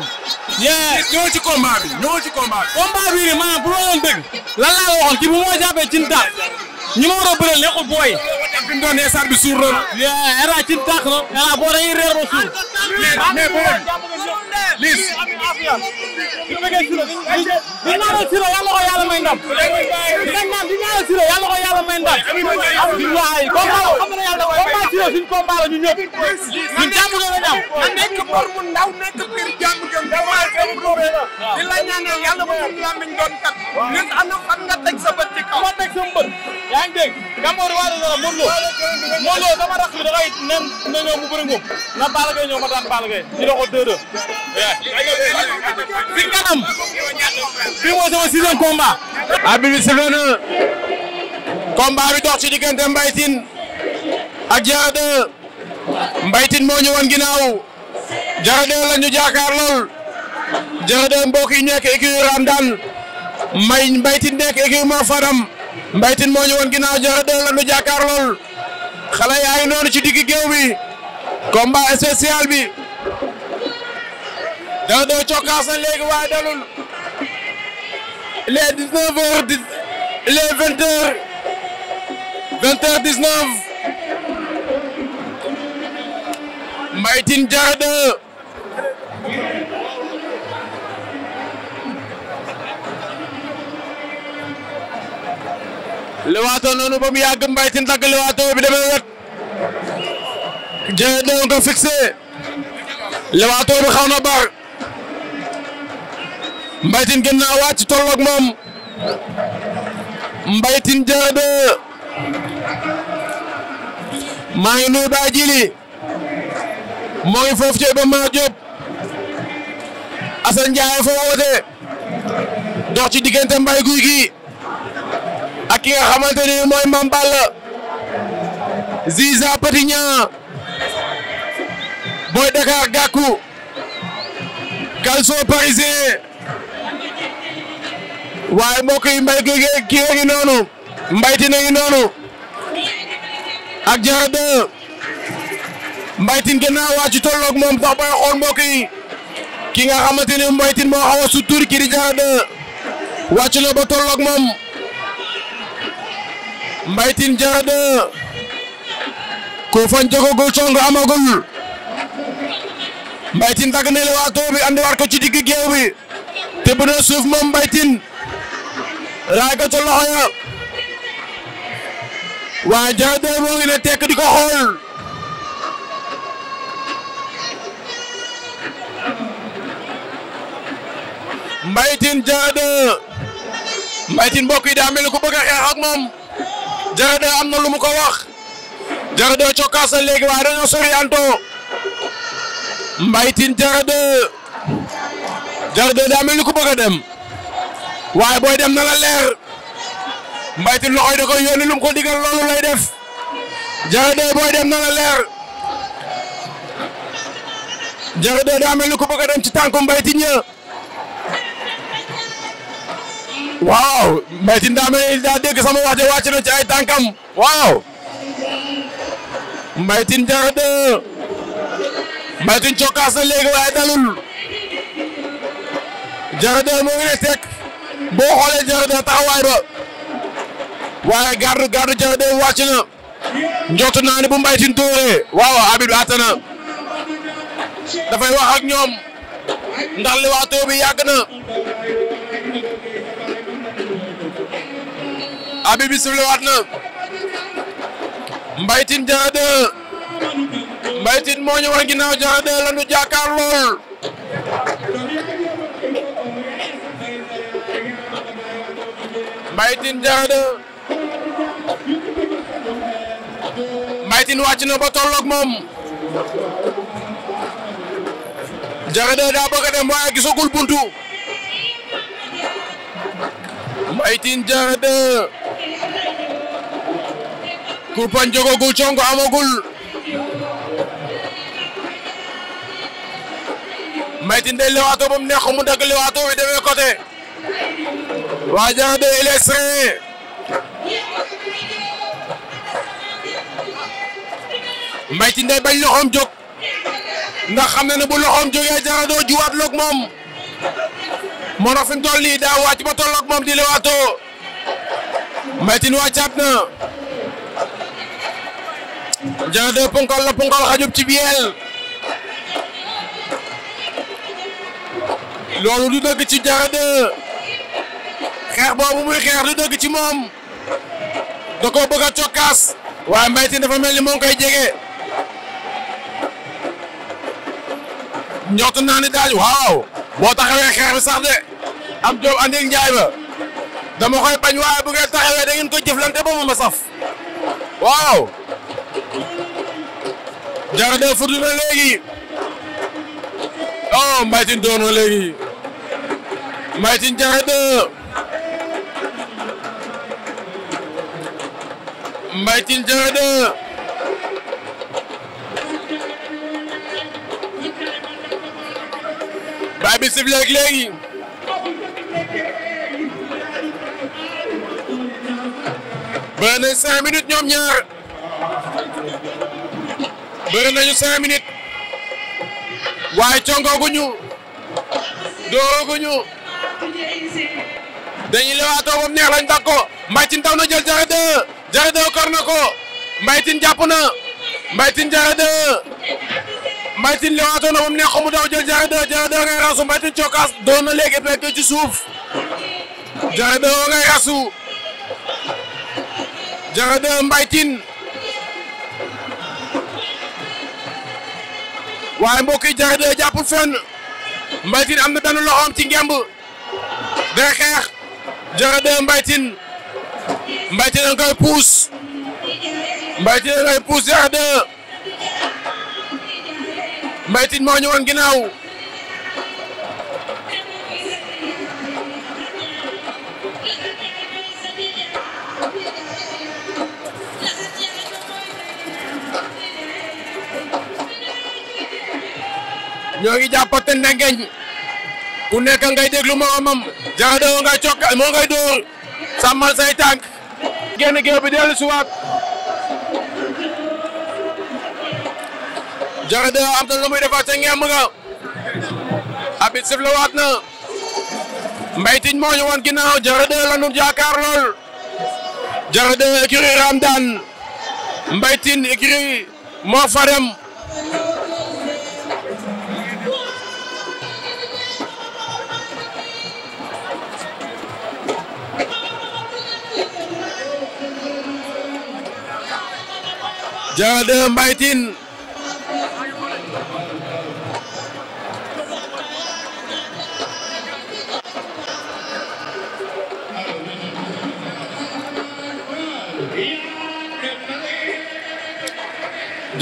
Speaker 1: yee ñoo ci combat bi ñoo ci combat bi. combat bi nii maanaam bu ma leen dégg lan laa la waxoon kii bu ma jàppee ñu ma war a bëreel nekkul booy. bi mu doon esaat bi suur noonu. Eh, era ci tàq boo dañuy réer ba suur. mais mais boo liis. di bëggee Siro di ñaanal Siro yàlla ko yàlla may ndam. di ñaan di ñaanal Siro yàlla ko yàlla may ndam. alhamdulilah combat la xam nga da koy combat
Speaker 3: Siro suñ combat la ñun ñëpp. ñun jàmm nga ñu nga teg sa bët yaa ngi dégg Gamboor waa na ñëw mu bëri ngóob
Speaker 1: na Balla Gaye ñëw ma daan Balla Gaye ci loxo deux dox ci diggante Mbaye Tine ak Diarra 2 Mbaye Tine moo ñëwoon ginnaaw Diarra jaakaar lool Diarra 2 mbokk yi nekk écurie Ramdan may Mbaye Tine nekk Mbaye Tine moo ñu woon ginnaaw la nu lool xale yaa noonu ci digg géew bi combat spécial bi Diarra cokkaas na léegi waaye dalul il est 19h dix il lewaatoo noonu ba mu yàgg Mbaye Tine dagg lewaatoo demee wet jëlee noonu ko fixé lewaatoo bi bar Mbaye Tine gën naa wàcc moom Mbaye Tine jëlee de maa ngi nuyu Baye Djili moo ngi foofu ci ba maa Diop Assane Ndiaye foo woote dox ci diggante Mbaye Gouy Gui ak ki nga xamante mooy Mame Balla Ziza Petit Niang Dakar Gakou Calcio Parisien waaye mbokk yi mbay kii a ngi noonu mbayti na ngi noonu ak Diarra 2 mbaytin gannaaw waa ci tolloog moom sax booy xool mbokk yi ki nga xamante ni mbaytin moo xaw a sutur kii di Diarra 2 wàcc ba tolloog moom Mbaye Tine Dieng 2 Koofan jogagul song amagul Mbaye Tine dagg na lewaatoo bi andiwaat ko ci suuf moom Mbaye Tine raay ko ca loxo ya waa Dieng 2 di ko xool Mbaye Tine Dieng 2 Mbaye Tine ku bëgg a xeex moom. Diarra 2 am na lu mu ko wax Diarra 2 cokkaas na léegi waaye dañoo soriantoo Mbaye Tine Diarra 2 Diarra 2 daa mel ni ku bëgg a dem waaye booy dem na la leer Mbaye loxoy da koy yónni lu ko digal loolu lay def Diarra 2 booy dem na la leer Diarra 2 daa mel ni ku a dem ci tànku Mbaye Tine waaw Mbaye Tine daa mel daa dégg sama wax de wàcc na ci waaw Mbaye Tine jaxe de cokkaas na léegi waaye dalul jaxe de moo ne teg boo xoolee jaxe de taxawaay ba waaye gardu gardu jaxe de wàcc na naa ne bu Mbaye Tine waaw Habib atana
Speaker 2: dafay wax ak ñoom
Speaker 1: ndax waatoo bi yàgg abi bi sifle na Mbaye Tine Dieng 2 Mbaye Tine moo ñu war ginnaaw Dieng 2 lool Mbaye Tine Dieng 2 Mbaye Tine wàcc daa bëgg a dem buntu Mbaye Tine Dieng de Kupa congo amagul Mbaye Tine day lewaatoo ba mu neex mu dagg lewaatoo bi waa Dieng de il est serré Mbaye Tine day bañ xam na ne bu loxoom jógee Dieng doo juwaat loog moom. moo tax fi mu toll nii daa wàcc ba tolloog moom di lewaatoo Mbaye Tine na Dia punkal la punkal xajub ci biel loolu du dëgg ci Dia 2 xeex boobu muy xeex du dëgg ci moom da koo bëgg waaye Mbaye dafa mel ni moo ngi koy jege njort naa ne daal waaw boo taxawee xeex bi sax de am doom andi njaay ba dama koy bañ waaye bu ngeen taxawee da ngeen ko jëflante ba mu ma saf waaw. Jardin fudd léegi oh Mbaye Tine léegi Mbaye Tine Jardin Mbaye baay bi sifle ak léegi bëri nañ cinq ñoom ñaar bëri nañu cinq minutes waaye congooguñu dóoroguñu dañuy lewaatoo bam neex lañ dàq ko mbaytin taw na jël jaradë jaradë kor na ko mbaytin jàpp na mbaytin jaradë Mbaye Tine lewaatoo na moom ne xamu daw jël Diarra 2 Diarra 2 ngay rasu cokaas doon na léegi ci suuf Diarra 2 ngay rasu Diarra 2 waaye mbokk yi Diarra 2 jàppul am na benn loxoom ci ngemb day xeex Diarra 2 Mbaye Tine Mbaye Tine da nga koy puus Mbaye Tine moo ñëwoon ginnaaw ñoo ngi jàppante ndengeñ ku nekk ngay déglu moromam jaadoo nga cokkal moo ngay dóor sàmmal say tànk génn géew dellu si Diarra 2 am na lu muy defaat ca ngemb nga abit sif la na Mbaye Tine moo ñu woon la nu jaakaar lool Diarra Ramdan Mbaye Tine écurie Mor Fadam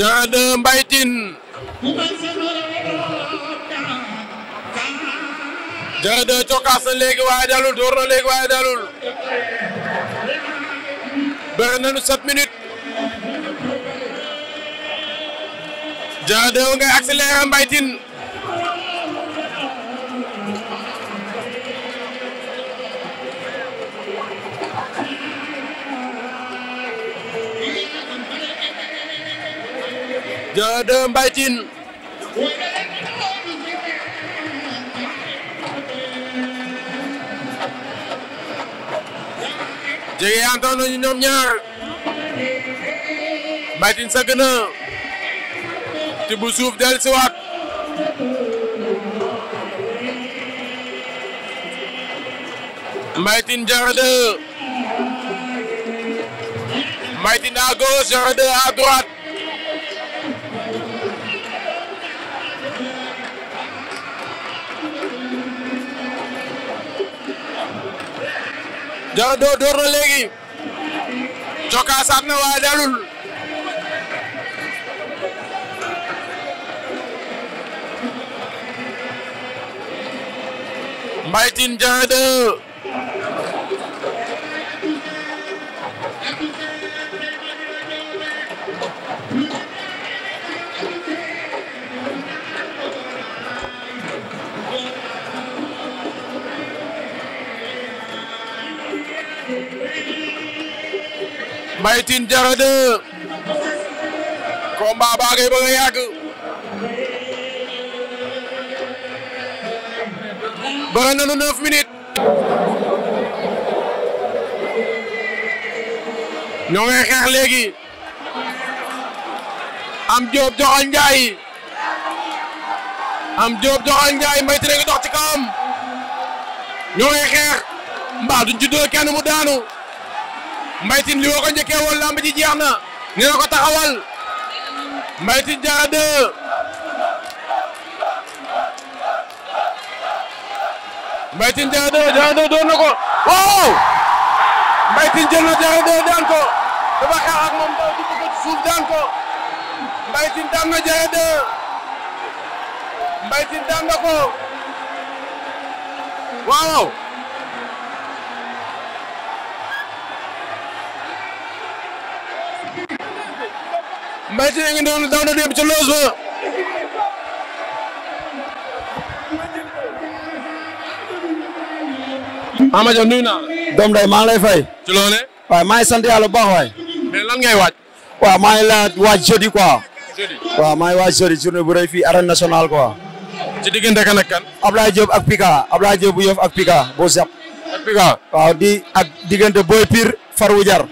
Speaker 1: Jean 2 Mbaye Tine Jean 2 cokkaas na léegi waaye dalul door na léegi waaye dalul bëri nañu sept minutes Jean 2 ngay accéléré Mbaye Tine Dieu de Mbaye jege antoon nañu ñoom ñaar Mbaye Tine sëgg na bu suuf del siwaat Mbaye Tine Diarra 2 Mbaye Tine à gauche Jaga Dóor Dóor na léegi cokkaasaat na waaye dalul Mbaye Tine Jaga Dóor Mbaye Tine Diarra 2 baa ngay bëgg a yàgg bëre nañu neuf minutes ñoo ngay xeex léegi am Diop joxañ Njaay am Diop joxañ Njaay Mbaye Tine ngi dox ci kawam ñoo ngay xeex mbaa duñ ci dóor kenn mu daanu Mbaye Tine li woo ko njëkkee woon na ni na ko taxawal Mbaye Tine Diarra 2 Mbaye Tine ko waaw Mbaye Tine jël na Diarra 2 ko dafa xeex ak moom daw di bëgg suuf daan ko Mbaye daan na Diarra 2 Mbaye daan na ko waaw
Speaker 2: Mbaye Tine ngi noonu daw na dem ca loos ba Mama Diop nuyu doom day maa lay fay. ci
Speaker 3: maa ngi sant yàlla bu baax waay. mais lan ngay waaj. waaw maa ngi laaj waaj jeudi quoi. maa ngi waaj jeudi journée bu rëy fii arène nationale quoi. ci diggante kan ak kan. Ablaye Diop ak Pika Ablaye Diop bu Yoff ak Pika boo seq. ak Pika waaw di ak diggante Boy Pire Farou Jar.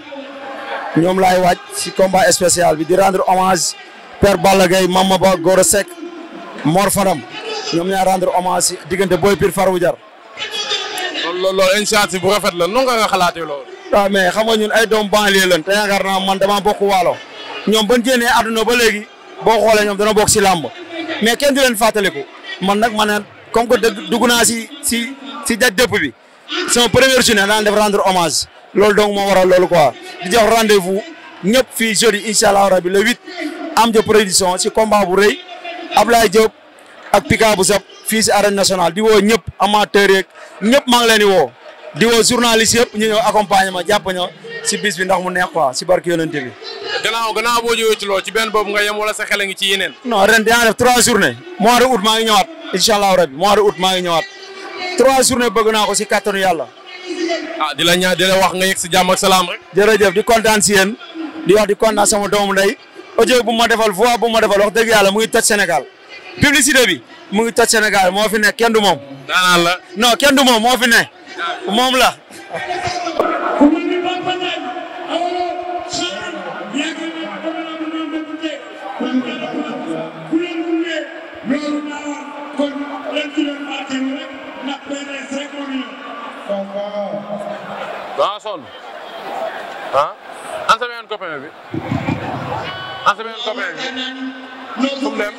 Speaker 3: ñoom laay waaj si combat spécial bi di rendre hommage Père Balla Gaye Mama Ba Gora Seck Mor Fadam ñoom ñaa rendre hommage si diggante Boy Pire Farou Jar. loolu loolu initiative bu rafet la nu nga nga xalaatee loolu. waaw ah, mais xam a ñun ay doom banlieue lañ te yaakaar naa man damaa bokk waalo ñoom ban génnee àdduna ba léegi boo xoolee ñoom dana bokk si làmb mais kenn du leen fàttaliku man nag ma ne comme que dugg naa si si si dëpp bi sama première journée daan rendre hommage. loolu donc moo a loolu quoi di jox rendez-vous ñëpp fii jeudi incha allah rabi le huit am ja production si combat bu rëy Ablaye Diop ak Pika bu Zap fii si arène nationale di woo ñëpp amateurs yeeg ñëpp maa ngi leen di woo di woo journaliste yëpp ñu ñëw accompagner jàpp ñoo si bis bi ndax mu neex quoi si barke yonent bi.
Speaker 1: gannaaw gannaaw boo ñëwee ci loolu ci benn nga yem wala sa xel ci yeneen. non ren dinaa def trois journées
Speaker 3: mois de août maa ngi mois de maa ngi ñëwaat trois journées bëgg naa ko si kattanu ah di la ñaan di la wax nga yegg si jàmm ak salaam rek. jërëjëf di kontaan si yéen di wax di kontaan sama doom ndey audio bu ma defal voix bu ma defal wax dëgg yàlla mu ngi toj Sénégal publicité bi mu ngi toj senegal moo fi nekk kenn du moom. daanaan la non kenn du moom moo fi ne moom la.
Speaker 1: danga sonn ah an sama yoon copain bi an sama yoon copain bi fu mu dem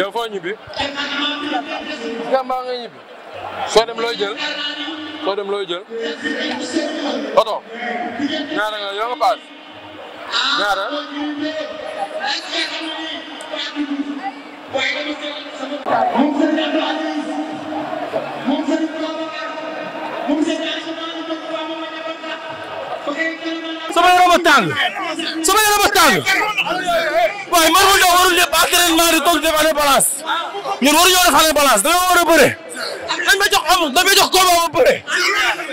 Speaker 1: yow foo ñibbi soo dem looy jël soo dem looy jël oto ñaara nga yow nga paas ñaara
Speaker 2: moom sëriñ bi Babacar moom sëriñ la njaboot waaye man
Speaker 1: ma warul def entraînement di toog def année balance ñun waruñoo def année balance dama war a bëre dañ ma jox am dañ ma jox combat ma bëre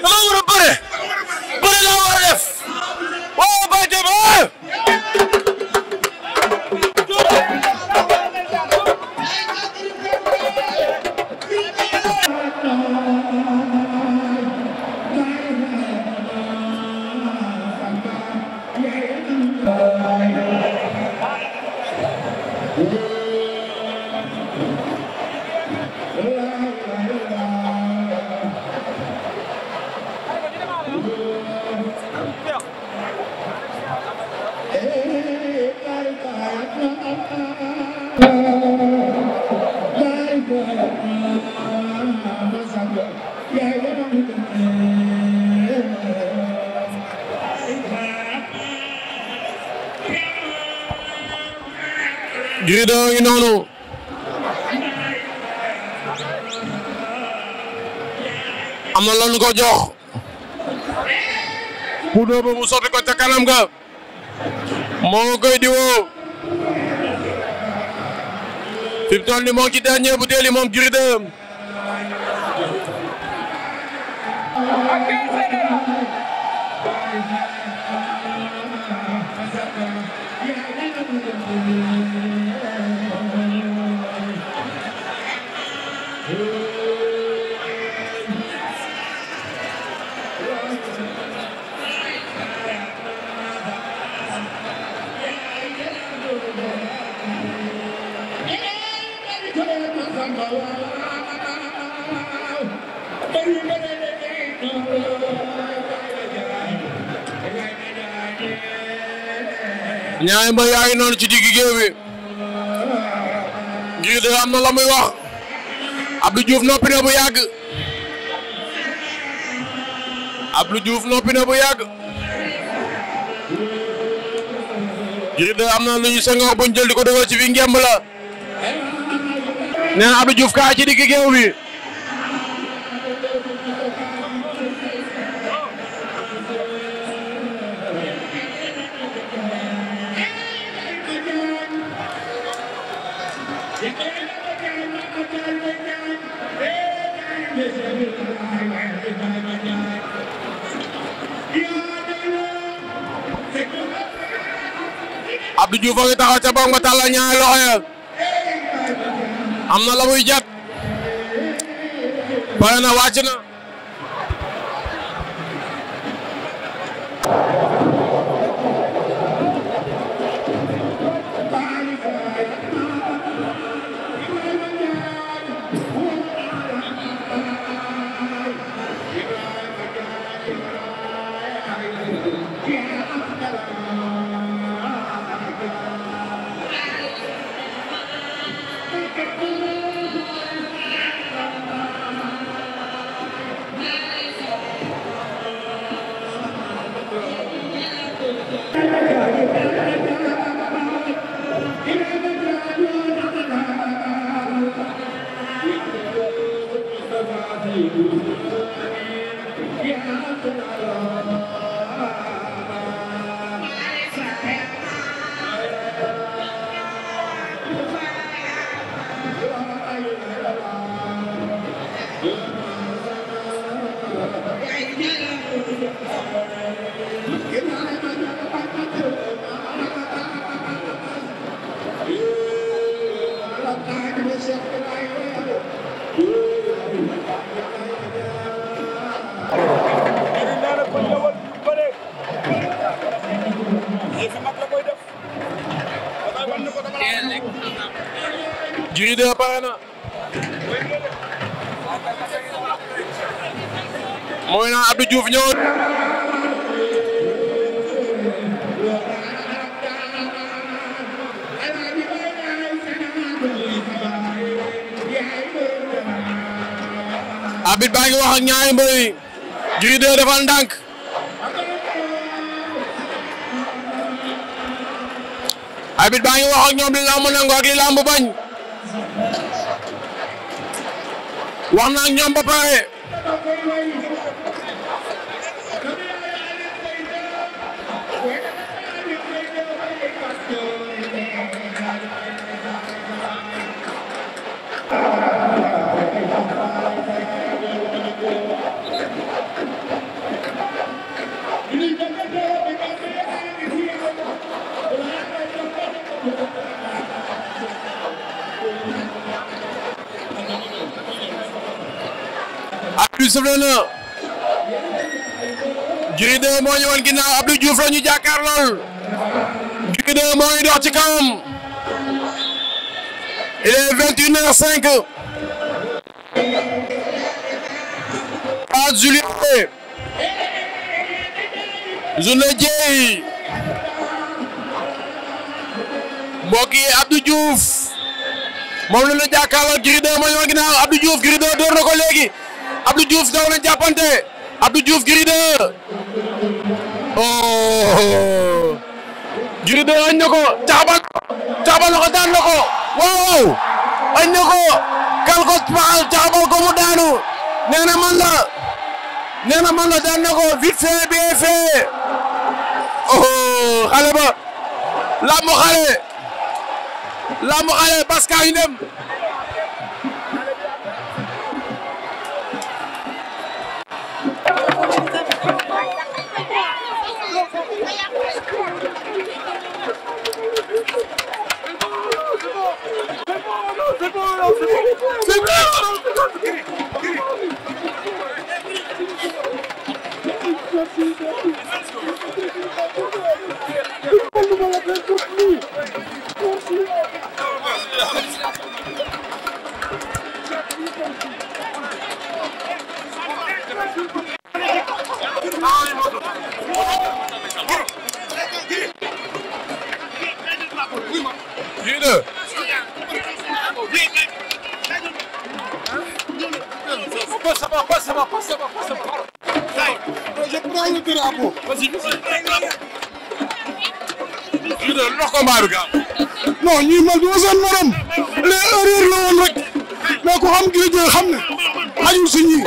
Speaker 1: dama war a bëre bëre laa war rideau ngi noonu am na loolu ko jox ku dóor mu sotti ko ca kanam ga moo koy diwoo fi mu toll ni moo ci dernier bu teeli moom giri ñaari mbër yaa ngi noonu ci digg géew bi ngir de am na la muy wax Abdou Diouf noppi na bu yàgg Abdou Diouf noppi na bu yàgg ngir de am na lu ñu sëngoor buñ jël di ko dugal ci fi ngemb la nee na Abdou Diouf kaa ci digg géew bi Abdou Diouf a ngi taxaw ca boog ba tàllal ñaari loxo ya am na la muy jàpp pare na wàcc na wax ak ñoom nangu ak li bañ wax na ak arbitre sifflé na Gris 2 moo ñu woon ginnaaw Abdou Diouf la ñu jàkkaar lool Gris 2 ci kawam il est vingt cinq trois juillet journée jeey mbokk yi moom la ñu jàkkaarloo Gris 2 moo ñu woon ginnaaw Abdou door na ko léegi Abdou Diouf daw na jàppante Abdou Diouf Gris 2 oh Gris añ na ko caxabal caxabal na ko daan na ko waaw añ na ko kal ko paxal caxabal ko mu daanu nee na man la na daan na ko vite fait bien fait oh ba làmb xale làmb xale parce que ñu dem
Speaker 2: C'est bon, là, c'est bon. C'est bon, là, c'est bon.
Speaker 1: prend le drapeau. Vas-y, vas-y. Leader, lu tax combat bi gaaw. non ñuy man du ma seen morom. les erreurs la woon rek. mais ku xam géej gi xam ne. xajul si lii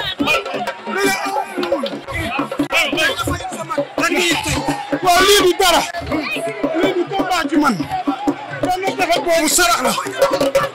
Speaker 1: du dara. lii du combat ci man. benn defet boobu sarax la.